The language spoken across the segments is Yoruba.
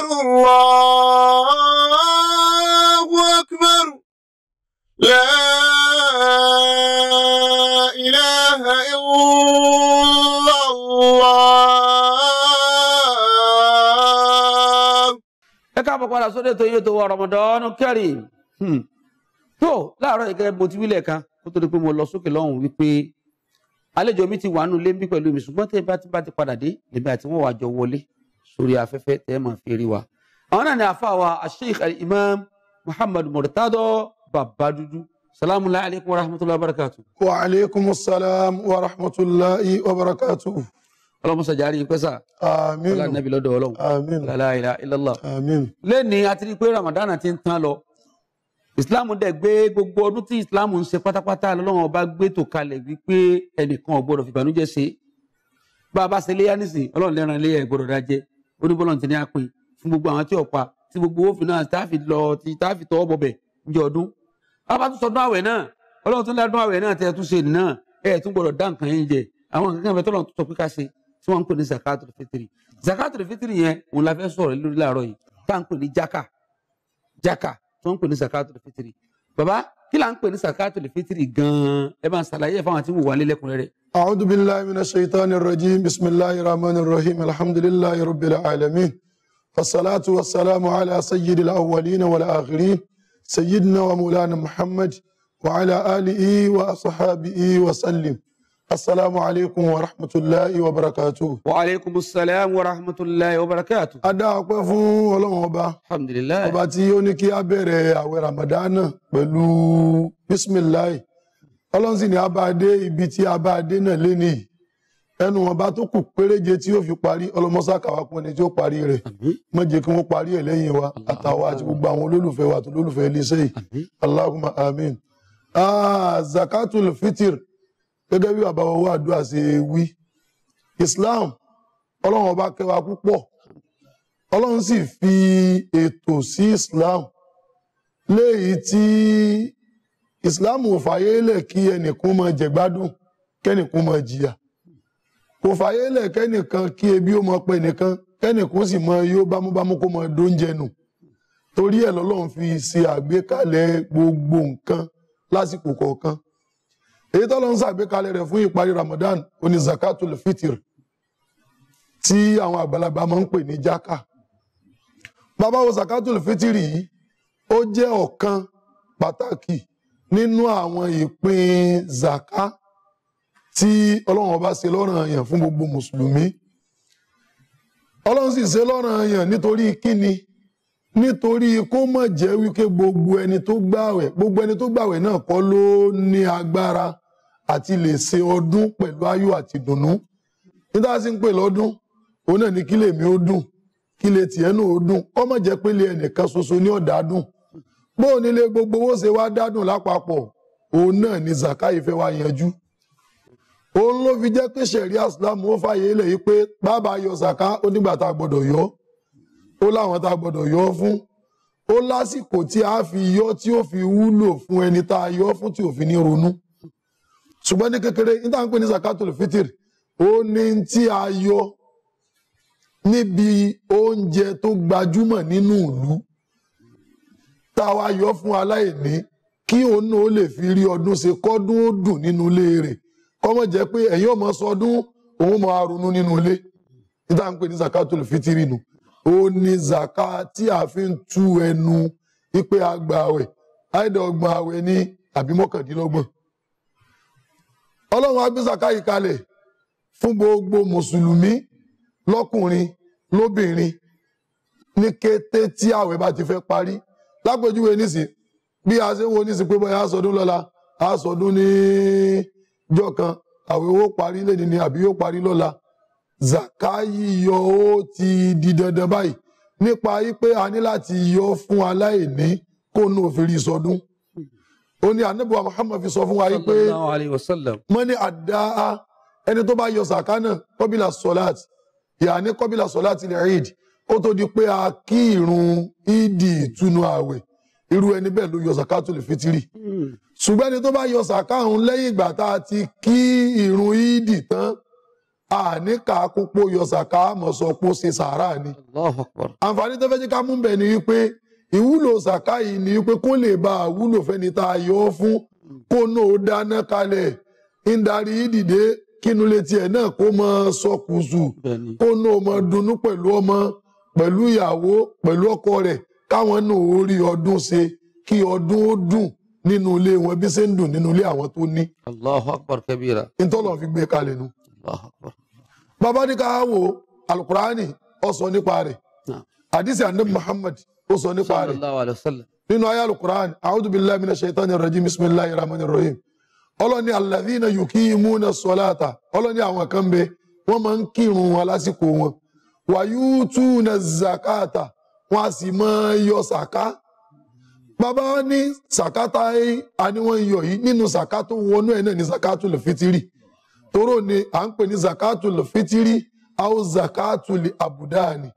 أكبر الله أكبر لا إله إلا الله ẹ káàbọ̀ padà sóde tó yé tó wọ Ramadan Kareem hmm. tó láàárọ̀ ìkẹ́ mo ti wílẹ̀ kan kó tó di pé mo lọ sókè lọ́hùn wípé àlejò mi ti wà nù lé bí pẹ̀lú mi ṣùgbọ́n tẹ́ bá ti padà dé èmi àti wọn wà jọ wọlé sórí afẹ́fẹ́ tẹ́ máa fi rí wa. àwọn náà ni àfàwà asheikh al-imam muhammad murtado babadudu salamu alaykum wa rahmatulahi wa barakatu. wa aleykum salaam wa rahmatulahi wa barakatu. ọlọ́mọsọ jaari yìí pẹ́sà. amiin ala nabi lọ́dọ̀ ọlọ́run. amiin la ilaha illallah. amiin. lẹ́ni a ti rí pé ramadan ti ń tán lọ islam dẹ̀ gbé gbogbo ọdún tí islam ń ṣe pátápátá lọ́wọ́n ọba gbé kalẹ̀ wípé ẹnìkan ò fìbànújẹ́ ṣe bá a bá ṣe léyà nísìnyí ọlọ́run lẹ́ran léyà ẹ̀ dájẹ́ oníbọ́lọ̀ ti ní àpè fún gbogbo àwọn tí ọ̀pá tí gbogbo òfin náà táàfì lọ ti táàfì tọwọ́ bọ̀bẹ̀ ní ọdún bàbá tún sọdún àwẹ̀ náà ọlọ́run tún ládùn àwẹ̀ náà tẹ́ ẹ tún ṣe náà ẹ tún gbọ́dọ̀ dá nǹkan yín jẹ àwọn nǹkan kan tọ́lọ̀ tún pé ká ṣe tí wọ́n ń pè ní zakatul fitiri zakatul fitiri yẹn òun la fẹ́ sọ̀rọ̀ lórí láàárọ̀ yìí tá ń pè ní jaka jaka tí wọ́n ń pè ní fitiri bàbá kí là ń fitiri gan-an ẹ bá ń ṣàlàyé fáwọn àti wò أعوذ بالله من الشيطان الرجيم بسم الله الرحمن الرحيم الحمد لله رب العالمين والصلاة والسلام على سيد الأولين والآخرين سيدنا ومولانا محمد وعلى آله وأصحابه وسلم السلام عليكم ورحمة الله وبركاته وعليكم السلام ورحمة الله وبركاته أدا أقفون ولو أبا الحمد لله أبا تيوني كي أبيري أوي رمضان بلو بسم الله ọlọ́run sì ní abáadé ibi tí abáadé náà lé nìyí ẹnu wọn bá tó kù péréje tí yóò fi parí ọlọmọsá kàwápọ̀ ni tí ó parí rẹ̀ má kí wọ́n parí ẹ̀ lẹ́yìn wa àtàwọn àti gbogbo àwọn olólùfẹ́ wa àti olólùfẹ́ iléeṣẹ́ yìí Allahumma amin. Ah, zakatul fitir, gẹ́gẹ́ bí bàbá wa wá àdúrà ṣe wí Islam ọlọ́run ọba kẹwàá púpọ̀ ọlọ́run sì fi ètò sí Islam léyìí tí islam ò fàyè lẹ̀ kí ẹnìkan máa jẹ̀gbádùn kẹ́nìkan máa jìyà kò fàyè lẹ̀ kẹ́nìkan kí ebi ó máa pẹ́ nìkan kẹ́nìkan sì máa yó bámúbámú kó máa dóúnjẹ nù torí ẹ̀ lọ́lọ́run fi ṣe àgbékalẹ̀ gbogbo nǹkan lásìkò kọ̀ọ̀kan èyí tó lọ́n ṣàgbékalẹ̀ rẹ̀ fún ìparí ramadan oní zakatul fitr tí àwọn àgbàlagbà máa ń pè ní jaka bàbá wo zakatul fitr yìí ó jẹ́ ọ̀kan pàtàkì nínú àwọn ìpín zaka tí ọlọ́run ọba ṣe lọ́ranyàn fún gbogbo mùsùlùmí ọlọ́run sì ṣe lọ́ranyàn nítorí kíni nítorí kó mọ̀ jẹ́ wípé gbogbo ẹni tó gbàwẹ̀ gbogbo ẹni tó gbàwẹ̀ náà kọ́ ló ní agbára àti lè ṣe ọdún pẹ̀lú ayọ̀ àti dùnnú níta sí ń pè lọ́dún òun náà ní kí ó dùn kí tiẹ̀ náà ó dùn kọ́ mọ̀ jẹ́ pé lè ẹnìkan ṣoṣo ní ọ̀dà dùn bó o nílé gbogbo owó ṣe wá dádùn lápapọ̀ òun náà ni zakai fẹ́ wá yanjú òun ló fi jẹ́ pé sẹ̀rí islam ó fàyè ilẹ̀ yìí pé bàbá yọ zaka ó nígbà tá a gbọ́dọ̀ yọ ó láwọn tá a gbọ́dọ̀ yọ fún ó lásìkò tí a fi yọ tí ó fi wúlò fún ẹni tá a yọ fún tí ò fi ní ronú ṣùgbọ́n ní kékeré níta ń pè ní zakatul fitr ó ní tí a yọ níbi oúnjẹ tó gbajúmọ̀ nínú ìlú ká wá yọ fún aláìní kí òun náà ó lè fi rí ọdún ṣe kọ́dún ó dùn nínú ilé rẹ̀ kọ́mọ̀ jẹ́ pé ẹ̀yin ò sọdún òun mọ̀ arunú nínú ilé níta ń pè ní zakatul fitiri nu ó ní zaka tí a fi ń tú ẹnu wípé a gba àwẹ̀ àìdọ́gba àwẹ̀ ní àbí mọ́kàndínlọ́gbọ̀n ọlọ́run agbésàká yìí kalẹ̀ fún gbogbo mùsùlùmí lọ́kùnrin lóbìnrin ní kété tí àwẹ̀ bá ti fẹ́ parí lápèjúwe nísìn bí a ṣe ń wo nísìn pé bóyá aṣọdún lọ́la aṣọdún ní jọ kan àwẹ̀ owó parí lẹ́ni ni àbí yóò parí lọ́la zaka yíyọ ó ti di dandan báyìí nípa wípé a ní láti yọ fún aláìní kó nù òfin rí sọdún ó ní anábọ̀ Muhammad fi sọ fún wa wípé mọ́ni àdáa ẹni tó bá yọ zaka náà kọ́bílà yàní kọ́bílà sọ́láàtì lè ríìdì ó tó di pé a kí irun ìdí ìtúnu ààwẹ̀ irú ẹni bẹ́ẹ̀ ló yọ sàkátù lè fitiri hmm. ṣùgbọ́n ẹni tó bá yọ sàkáhùn lẹ́yìn ìgbà tá a ti kí irun ìdí tán àníkà kópó yọ sàká mọ̀sọ̀pọ̀ ṣe sàárà ni àǹfààní tó fẹ́ jẹ́ ká mú bẹ̀ ni wípé ìwúlò sàká yìí ni wípé kó lè bá àwúlò fẹ́ni tá a yọ fún kó náà dáná kalẹ̀ ń darí ìdìde kínú létí ẹ̀ náà kó mọ sọkùsù kó náà mọ dunnú pẹ̀lú ọmọ pẹ̀lú ìyàwó pẹ̀lú ọkọ rẹ̀ káwọn náà ó rí ọdún ṣe kí ọdún ó dùn nínú ilé wọn bí ṣe ń dùn nínú ilé àwọn tó ní. Allahu akbar kabira. ntọ́lọ̀ fi gbé kalẹ̀ nu. bàbá ní ká wò alukurani ó sọ nípa rẹ̀ hadisi anabi muhammad ó sọ nípa rẹ̀ nínú ayé alukurani a'udhu billahi minash shaitanir rajim bisimilahi rahmanir rahim ọlọ́ni alladhina yukimuna salata ọlọ́ni àwọn kan bẹ wọ́n máa ń kírun wọn lásìkò wọn wàyúùtù na zakata wọn a sì máa yọ sàká bàbá ní sàkátà àníwọ̀n yọ yìí nínú sàkátà wọnú ẹ̀ náà ní sàkátà lè tóró ni à ń pè ní sàkátà lè fitiri àwọn sàkátà lè àbùdáàni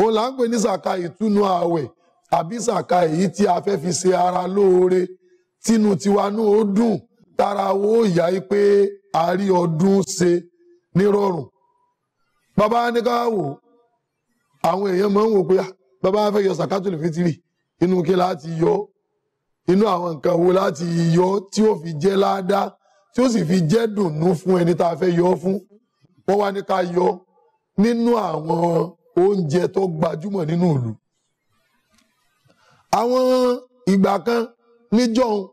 òun là ń pè ní sàká ìtúnu ààwẹ̀ àbí sàká èyí tí a fẹ́ fi ṣe ara lóore tínú tiwanú ó dùn tára wo ìyá yìí pé a rí ọdún ṣe nírọ̀rùn bàbá ní ká wò àwọn èèyàn máa ń wò pé bàbá ah, fẹ́ yọ sàkátùlù fitiri inú kí láti yọ inú àwọn nǹkan wo láti yọ tí ó fi jẹ́ ládàá tí ó sì fi jẹ́ dùnnú fún ẹni tá a fẹ́ yọ fún wọ́n wá ní ká yọ nínú àwọn oúnjẹ tó gbajúmọ̀ nínú ìlú. àwọn ìgbà kan níjọ́un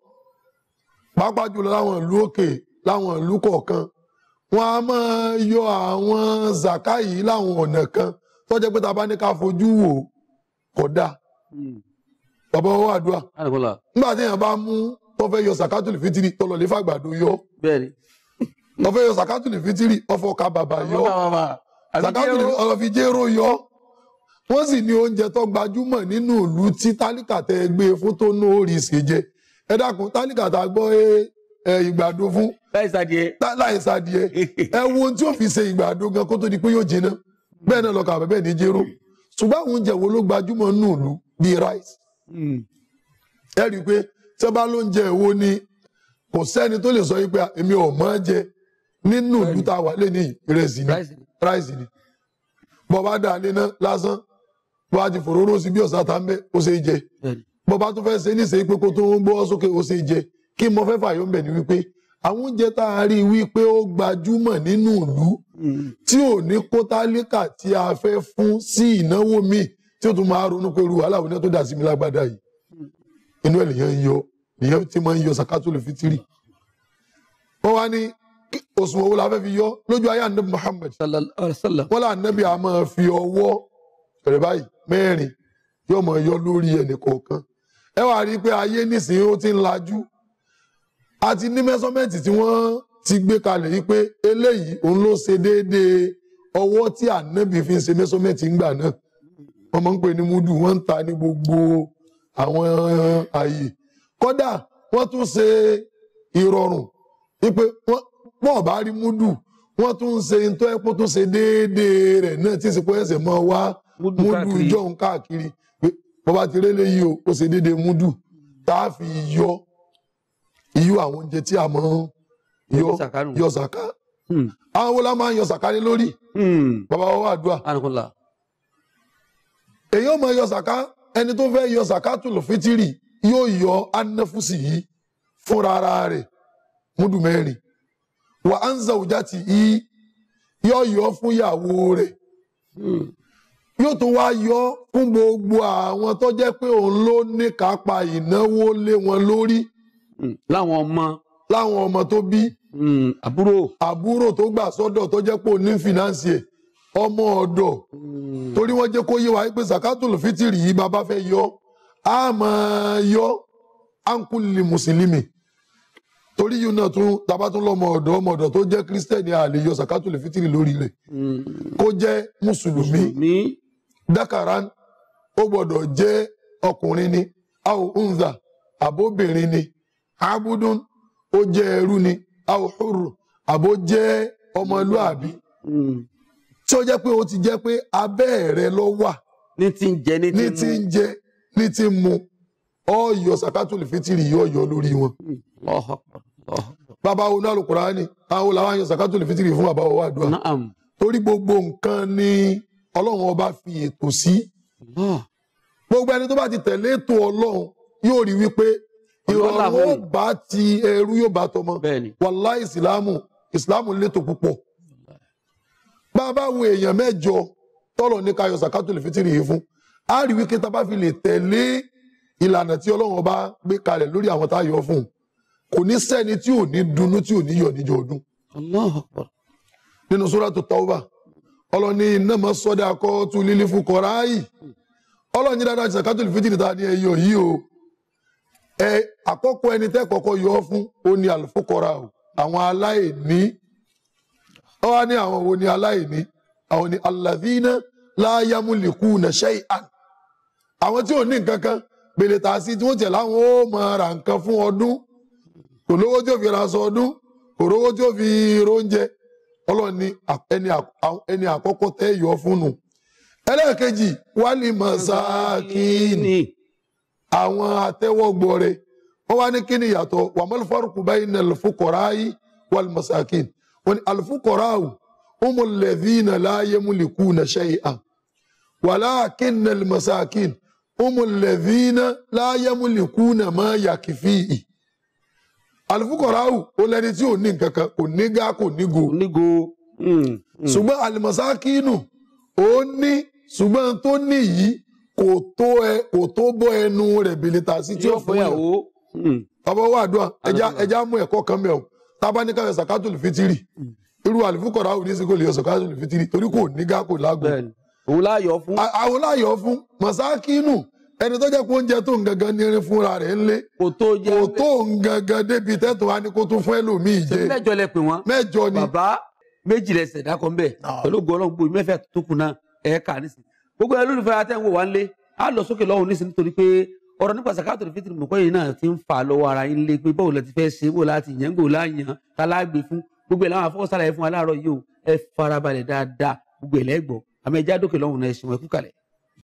pàápàá jùlọ láwọn ìlú òkè láwọn ìlú kọ̀ọ̀kan wọ́n á máa yọ àwọn zaka yìí láwọn ọ̀nà kan tó jẹ́ pé tá a bá ní ká fojú wò kò dáa hmm. bàbá wa wà dùà nígbà tí èèyàn bá mú tó fẹ́ yọ sàkátùlì fitiri tó lọ lè fàgbàdo yọ tó fẹ́ yọ sàkátùlì fitiri ọfọ ká bàbà yọ sàkátùlì ọ̀rọ̀ fi jéró yọ wọ́n sì ní oúnjẹ tó gbajúmọ̀ nínú ìlú tí tálíkà tẹ gbé fún tó ná orí ìṣèjẹ ẹ dákun tálíkà tá a gbọ́ ẹ ìgbàdo fún láìsàdìẹ ẹ wo ohun tí ó fi ṣe ìgbàdo gan kó tó di pé yóò jiná bẹ́ẹ̀ náà lọ́kà bẹ́ẹ̀ ní jéró ṣùgbọ́n àwọn oúnjẹ wo ló gbajúmọ̀ nù lù bíi rice. Hmm. ẹ rí i pé tí wọ́n bá lóúnjẹ wo ni kò sẹ́ni tó lè sọ yìí pé èmi ò mọ̀ jẹ nínú ìlú tá a wà lé ní ìrẹsì ni rice ni bọ́ bá dà lé ná lásán bọ́ a ti fòróró sí bí ọ̀sán tá ń bẹ́ ó ṣe é jẹ bọ́ bá fẹ́ ṣe é níṣẹ́ pé kó tó ń gbọ́ sókè ó ṣe é jẹ kí mo fẹ́ fààyàn bẹ̀ ni wípé àwọn oúnjẹ tá a rí wípé ó gbajúmọ̀ nínú ìlú hmm. tí ò ní kó tálíkà tí a fẹ́ fún sí ìnáwó míì tí ó tún máa ronú pé irú wàhálà òní tó dà sí mi lágbádá yìí hmm. inú ẹ̀ lèyàn ń yọ lèyàn ti máa ń yọ sàkátùlù fitiri wọ́n wá ní òsùn owó la fẹ́ fi yọ lójú ayé anabi Muhammad wọ́n lá anabi a máa fi ọwọ́ rẹ̀ báyìí mẹ́rin yóò máa yọ lórí ẹnì kọ̀ọ̀kan ẹ wá rí i pé ayé nísìnyí ó ti ń lajú a ti ní mẹ́sọ́mẹ́ǹtì tí wọ́n ti gbé kalẹ̀ yìí pé eléyìí òun ló ṣe déédéé ọwọ́ tí ànábì fi ń ṣe mẹ́sọ́mẹ́ǹtì ńgbà náà wọ́n máa ń pè ní múdù wọ́n ń ta ní gbogbo àwọn àyè kódà wọ́n tún ṣe ìrọ̀rùn wípé wọ́n bá rí múdù wọ́n tún ń ṣe ntọ́ ẹ̀pọ̀ tó ṣe déédéé rẹ̀ náà tí ìsìnkú ẹ̀sẹ̀ máa wá múdù ìjọ́un káàkiri bọ́bá ti rélé yìí o ó ṣe déédéé múdù tá a fi yọ irú àwọn oúnjẹ tí a mọ̀ yọ yọ sàká hmm. àwọn wo la máa ń yọ sàká lé lórí hmm. bàbá wa wà dùà èyí ó máa yọ sàká ẹni tó fẹ́ yọ sàká tó lò fitiri yóò yọ anáfúsì yìí fúnra ara rẹ̀ múdù mẹ́rin wà á ń zàwùjá tì í yọ yọ fún ìyàwó rẹ̀ hmm. yóò tún wá yọ fún gbogbo àwọn tó jẹ́ pé òun ló ní kápá ìnáwó lé wọn lórí Mm. láwọn ọmọ. láwọn ọmọ tó bí. Mm. àbúrò. àbúrò tó gbà sọ́dọ̀ tó jẹ́ pé òní fìnánsì ẹ̀ ọmọ ọ̀dọ̀ mm. torí wọ́n jẹ́ kó yé wa pé zakatul fitiri yìí bàbá fẹ́ yọ á máa yọ ankuli mùsùlùmí torí yìí náà tún taba tún lọ́mọ ọ̀dọ̀ ọmọ ọ̀dọ̀ tó jẹ́ kírísítẹ́nì a lè yọ zakatul fitiri lórí rẹ̀ kó jẹ́ mùsùlùmí dakaran ó gbọ́dọ̀ jẹ́ ọkùnrin ni a ò ń zà àbóbìnrin ni abudun ó jẹ́ ẹrú ni aohuru àbó jẹ́ ọmọlúàbí hmm. tí ó jẹ́ pé ó ti jẹ́ pé abẹ́ rẹ ló wà ní ti ń jẹ ní ti ń jẹ ní ti ń mu ọyọ sàkátùlì fitiri yóò yọ lórí wọn. Hmm. bàbá wo náà lùkùrá ni àwọn làwọn yọ sàkátùlì fitiri fún bàbá wa dùn. torí gbogbo nǹkan ni ọlọ́run ọba fi ètò sí. gbogbo ẹni tó bá ti tẹ̀lé ètò ọlọ́run yóò rí wípé ìrọ̀rùn ó bá ti ẹrú yóò bá tọmọ wàlá ìsìlámù ìsìlámù létò púpọ̀ bá a bá wo èèyàn mẹ́jọ tọ́lọ̀ ní ká yọ sàkátù lè fi tìrì yìí fún a rí wípé tá a bá fi lè tẹ̀lé ìlànà tí ọlọ́run ọba gbé kalẹ̀ lórí àwọn tá a yọ fún kò ní sẹ́ni tí ò ní dunnú tí ò ní yọ̀ níjọ ọdún. nínú sóràtò tàwùbà ọlọ́ni iná máa sọ́dà kọ́ tu lílí fún kọ́ráyì ọlọ́ni dáadáa ti sàkátù lè fi tìrì ta ni ẹ̀yọ yìí o. ẹ àkọ́kọ́ ẹni tẹ́ kọ́kọ́ yọ fún ó ní àlùfókọ́ra o àwọn aláìní ó wá ní àwọn wo ni aláìní àwọn ni alladhina la yamulikuna shay'an àwọn tí ò ní nǹkan kan gbèlè tà sí tí wọ́n tẹ̀ láwọn ó máa ra nǹkan fún ọdún kò lówó tí ó fi ra ọdún kò lówó tí ó fi róúnjẹ ọlọ́run ni ẹni àkọ́kọ́ tẹ́ yọ fún nù ẹlẹ́ẹ̀kejì wálé sáà àwọn àtẹwọgbọrẹ wọn wá ní kí ni yàtọ̀ wàmọlẹ fọrùkù báyìí ní alifukọrọ ayé wàlú masakin wọn ni alifukọrọ awù umu lẹdínà láàyè múlikú na ṣẹyìn à wàlákin na masakin umu lẹdínà láàyè múlikú na má yàkìfìyì alifukọrọ awù ó lẹni tí ò ní nkankan kò ní gá kò ní go. ní hmm, hmm. alimasakinu ó ní ṣùgbọ́n tó ní yìí kò tó bọ́ ẹnu rẹ̀ bìlítà sí tí ó fún bàbá hmm. wa àdúrà ẹja mú ẹ̀kọ́ kan mẹ́wọ̀n tábà ní káyọ̀ fitiri hmm. irú àlùfùkọ̀rọ̀ àwọn oníṣẹ́ kò lè yọ fitiri torí kò ní gá kò lágbo. àwọn láyọ̀ fún ẹni tó jẹ́ oúnjẹ tó ní irin fúnra rẹ̀ kò tó débi tẹ́tọ̀ wa ni ni. bàbá gbogbo ẹ lólùfẹ́ atẹ́wò wá lé á lọ sókè lọ́hùn nísìnyí nítorí pé ọ̀rọ̀ nípa sàkáàtò fitiri mọ̀kọ́ yìí náà ti ń fà lọ́wọ́ ara yín lé pé báwo lẹ ti fẹ́ ṣe wò láti yẹn ń gò láàyàn kálágbé fún gbogbo ẹ̀ láwọn afọwọ́sàlàyé fún aláàárọ̀ yìí o ẹ farabalẹ̀ dáadáa gbogbo ẹ̀ lẹ́gbọ̀ọ́ àmì ẹja dókè lọ́hùn náà ẹ ṣe wọn ẹ kú kalẹ̀.